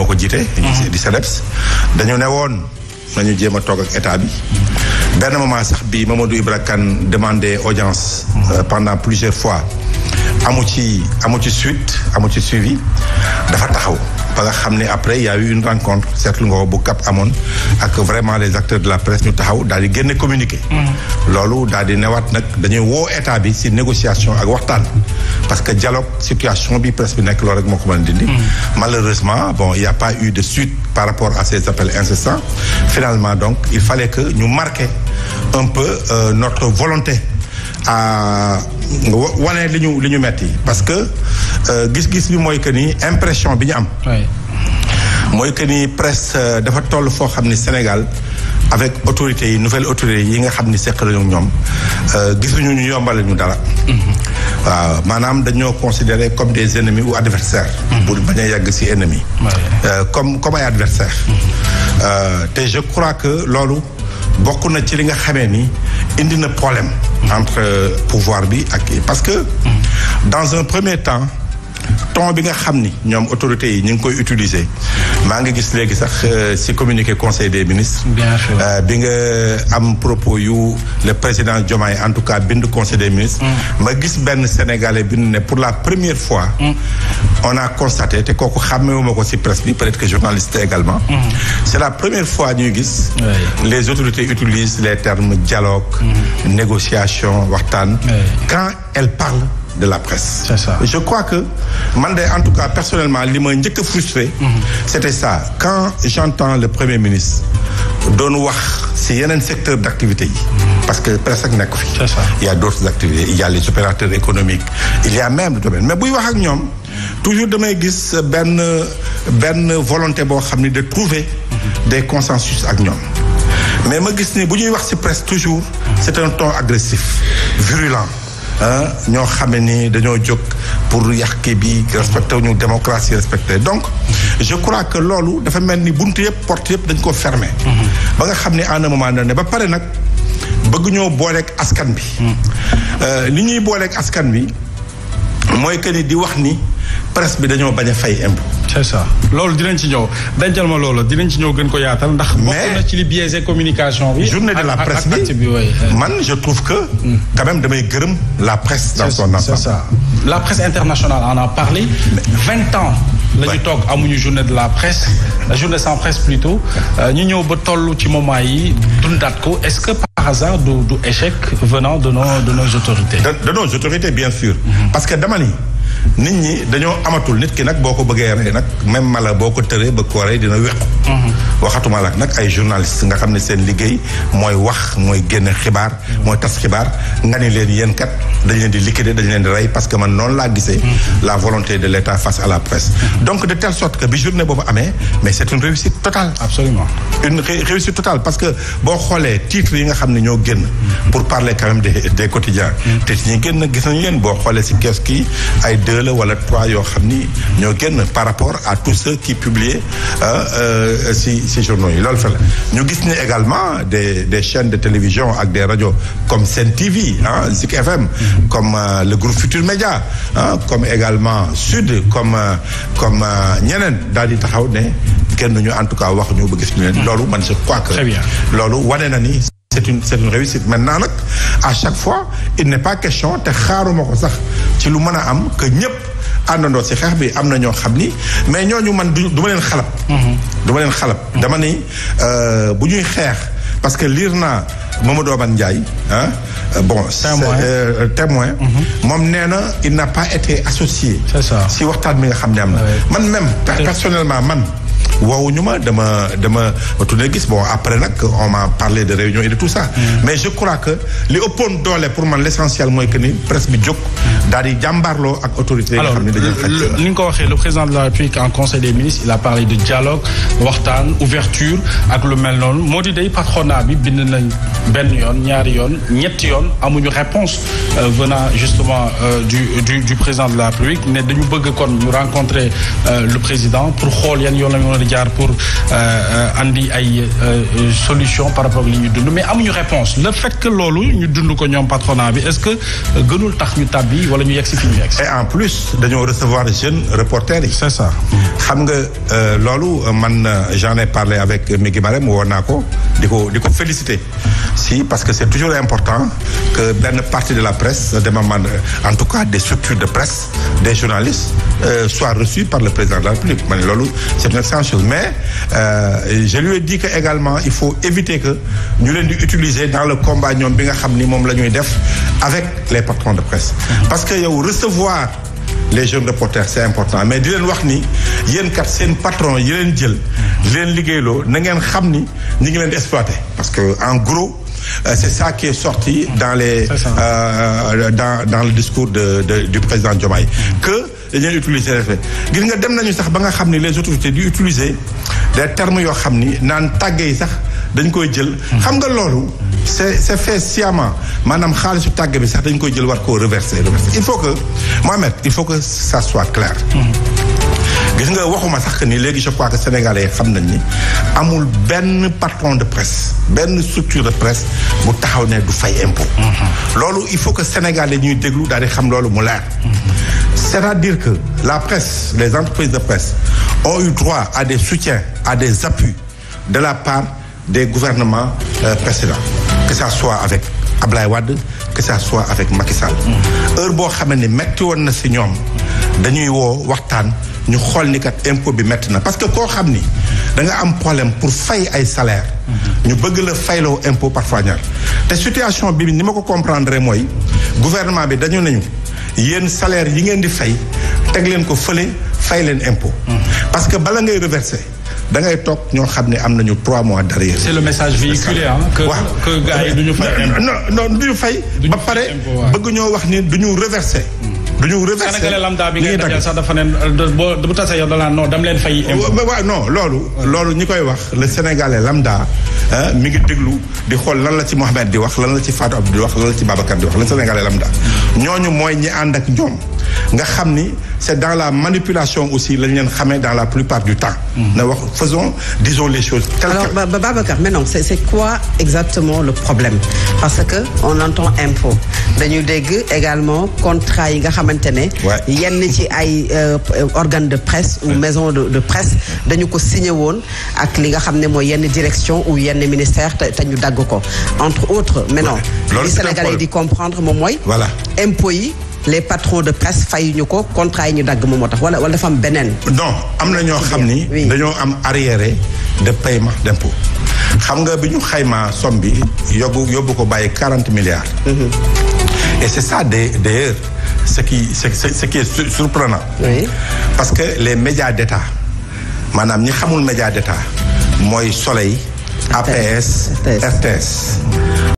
moo ko jiite. Mm-hmm. di dañu ne woon nañu jéem a toog ak état bi. benn moment sax bi Mamadou Ibra Kane demandé audience. Mm-hmm. Euh, pendant plusieurs fois amu ci amu ci suite amu ci suivi dafa taxaw. ba nga xam ne après y a eu une rencontre seetlu nga ko bu cap amoon ak vraiment les acteurs de la presse ñu taxaw daal di génne communiqué. Mm. loolu daal di newaat nag dañuy woo état bi si négociation ak waxtaan. parce que dialogue situation bi presse bi nekk loolu rek moo ko mën a dindi. Mm. malheureusement bon i a pas eu de suite par rapport à ces appels incessants finalement donc il fallait que ñu marquer un peu euh, notre volonté à. wale li ñu li ñu metti parce que euh, gis-gis bi mooy que ni impression bi ñu am. mooy que ni presse euh, dafa toll foo xam ni Sénégal avec autorités yi nouvelles autorités yi nga xam ni seq nañu ñoom euh, gisuñu ñu yombale ñu dara. Mm-hmm. waaw maanaam dañoo considéré comme des ennemis ou adversaires. bu mm-hmm. bañ a yàgg ci ennemis. comme comme ay adversaires. Mm-hmm. te je crois que loolu bokk na ci li nga xamee ni. indi na problème entre pouvoir bi ak parce que mm-hmm. dans un premier temps ton bi nga xam ni ñoom autorités yi ñu ngi koy utiliser maa ngi gis léegi sax ci euh, communiqué conseil des ministres. Euh, bi nga am propos yu le président Diomaye en tout cas bind conseil des ministres. Mm. ma gis benn sénégalais bind ne pour la première fois. Mm. on a constaté te kooku xàmmewuma ko ci presse bi peut-être que journaliste également. Mm. c'est la première fois ñuy gis. les autorités utilisent les termes dialogue. négociation waxtaan. quand elles parlent. de la presse. C'est ça. Je crois que man de en tout cas personnellement li ma njëkk a frustré. c'était ça quand j'entends le premier ministre doon wax si yeneen secteur d'activité yi. parce que presse ak nekk fi. c'est ça. il y a d'autres activités il y a les opérateurs économiques il y a même mais buy wax ak ñoom toujours damay gis benn benn volonté boo xam ni de trouver des consensus ak ñoom. mais ma gis ni bu ñuy wax ci presse toujours c'est un ton agressif virulent. ñoo xam ne dañoo jóg pour yàq bi respecté wu ñu démocratie respecté donc je crois que loolu dafa mel ni bunt yëpp porte yëpp dañ ko fermé. Mm-hmm. ba nga xam ne en un moment donné ba pare nag bëgguñoo booleek askan bi. Mm. Euh, li ñuy booleek askan bi mooy que ni di wax ni presse bi dañoo bañ a fay impôt. c'est ça loolu dinañ ci ñëw dencal ma loolu dinañ ci ñëw gën ko yaatal ndax. bokk na ci li biaisé communication bi. journée de la presse bi man je trouve que. Hmm. quand même gërëm la presse. dans son ça la presse internationale en a parlé. vingt ans la ñu toog amuñu journée de la presse journée sans presse plutôt euh, ñu ñëw ba toll ci moment yi dundaat ko est-ce que par hasard du du échec venant de nos de nos autorités. de, nos autorités bien sûr. Hmm. parce que dama nit ñi dañoo amatul nit ki nag boo ko bëggee rey nag même mala boo ko tëree ba ko rey dina wequ mhm. waxatuma la nag ay journaliste nga xam ne seen liggéey mooy wax mooy génn xibaar mhm. mooy tas xibaar nga ni leen yéen kat dañ leen di liquider dañ leen di rey parce que man noonu laa gisee mhm. la volonté de l'État face à la presse donc de telle sorte que bi journée boobu amee mais c'est une réussite totale absolument une réussite totale parce que boo xoolee titres yi nga xam ne ñoo génn pour parler quand même des des quotidiens te ci ñi génn gis nañu leen boo xoolee si kees ki ay deux wala trois yoo xam ni ñoo génn par rapport à tous ceux qui publiaient euh, euh, si si journaux yi lool fa ñu gis ni également des des chaînes de télévision ak des rajo comme Sen TV ah Zik FM comme euh, le groupe Futur Média comme également Sud comme comme ñeneen daal di taxaw ne génnuñu en tout cas wax ñu ba gis ñu leen. Hmm. loolu man je crois que. très bien loolu wane na ni. c'est une c'est une réussite maintenant nag à chaque fois il n'est pas question te xaaruma ko sax ci lu mën a am que ñépp àndandoo ci xeex bi am na ñoo xam ni mais ñooñu man du ma leen xalab du ma leen xalab hmm. hmm. dama ni euh, bu ñuy xeex parce que liir naa Mamadou Oban Ndiaye ah bon témoin euh, moom nee na il n'a pas été associé c'est ça si waxtaan bi nga xam ne am na man même personnellement man woowuñu ma dama dama tuddee gis bon après nag on m'a parlé de réunion et de tout ça. Mm. mais je crois que li ëppoon doole pour man l' essentiel mooy que ni presse bi jóg. daal di ak autorité yi nga xam ne dañuy faj. ni ko waxee le président de la République en conseil des ministres il a parlé de dialogue waxtaan ouverture ak lu mel noonu moo di day patronat bi bind nañ benn yoon ñaari yoon ñetti yoon amuñu réponse euh, venant justement euh, du du du président de la République ne dañu bëgg kon ñu rencontrer euh, le président pour xool yan yoon la jaar pour euh, euh, andi ay euh, solution par rapport li ñu dund mais amuñu réponse le fait que loolu ñu dund ko ñoom patronat bi est-ce que gënul tax ñu tàbbi wala ñu yegg si fi ñu yegg et en plus dañoo recevoir jeunes reporters yi. c'est ça. xam nga loolu man j'en ai parlé avec Migui Marème woo naa ko di ko di ko féliciter. si parce que c'est toujours important que benn partie de la presse demande euh, en tout cas des structures de presse des journalistes euh, soient par le président de la République ma loolu c'est une excellente mais euh, je lui ai dit que également il faut éviter que ñu leen di utiliser dans le combat ñoom bi nga xam ni moom la ñuy def avec les patrons de presse parce que yow recevoir les jeunes reporters c'est important mais di leen wax ni yen kat seen patron yi jël di liggéeyloo na ngeen xam ni ñi ngi leen di exploiter que en gros Euh, c'est ça qui est sorti dans les euh, dans dans le discours de, de du président Diomaye mm. que dañuy utiliser reflet gis nga dem nañu sax ba nga xam ni les autorités du utiliser des termes yoo xam ni naan tàgge yi sax dañ koy jël mm. xam nga loolu c'est c'est fait sciemment maanaam xaalisu tàgge bi sax dañ koy jël war koo reverser reverser il faut que Mohamed il faut que ça soit clair mm. gis nga waxuma sax ni léegi je crois que sénégalais xam nañ ni amul benn patron de presse benn structure de presse bu taxaw ne du fay impôt. Mm-hmm. loolu il faut que sénégalais ñuy déglu daal di xam loolu mu leer. Mm-hmm. c'est-à-dire que la presse les entreprises de presse ont eu droit à des soutiens à des appuis de la part des gouvernements euh, précédents que ça soit avec Ablaye Wade que ça soit avec Macky Sall. Mm-hmm. heure boo xamee ne metti na si ñoom. dañuy woo waxtaan ñu xool ni kat impôt bi métti na parce que koo xam ni da nga am problème pour fay ay salaire mhm. ñu bëgg la fayloo impôt parfois ñaar te situation bi ni ma ko comprendre mooy gouvernement bi dañu nañu yéen salaire yi ngeen di fay teg leen ko fële fay leen impôt mhm. parce que bala ngay reverser da ngay toog ñoo xam ne am nañu trois mois derrière. c'est le message véhiculé ah. que que gars yi duñu fay. non non fay. ba pare bëgg ñoo wax ni du ñu reverser. Mhm. duñu reversé sénégalais lambda bi ngay dajal sax dafa ne boo bu tasee yow danaa non dam leen fay. waaw non loolu. loolu ñi koy wax le sénégalais lambda mi ngi déglu di xool lan la ci Mohamed di wax lan la ci Fatou di wax lan la ci Babacar di wax le sénégalais lambda ñooñu mooy ñi ànd ak ñoom. nga xam ni c'est dans la manipulation aussi lañ leen xamee dans la plupart du temps. Mhm. na wax faisons disons les choses. telles alors ba Babacar mais non c'est c'est exactement le problème parce que on entend impôt dañu dégg également contrat yi nga xamante ne. yenn ci ay euh, organe de presse ou maison de de presse dañu ko signé woon ak li nga xam ne mooy yenn direction ou yenn ministère te te ñu dagg ko entre autres. mais non li Sénégalais di comprendre moom mooy. voilà yi. les patrons de presse ñu ko contrat yi ñu dagg moom moo tax wala wala dafa beneen. non am na ñoo xam ni. dañoo am arriéré de paiement d' impôt. xam nga bi ñu xayma somme bi yóbbu yóbbu ko bàyyi quarante milliards. Mhm. et c' est ça d' ailleurs ce qui ce qui est surprenant. parce que les médias d' état maanaam ñi xamul média d' état mooy Soleil. APS RTS.